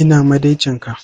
Ina madaicinka.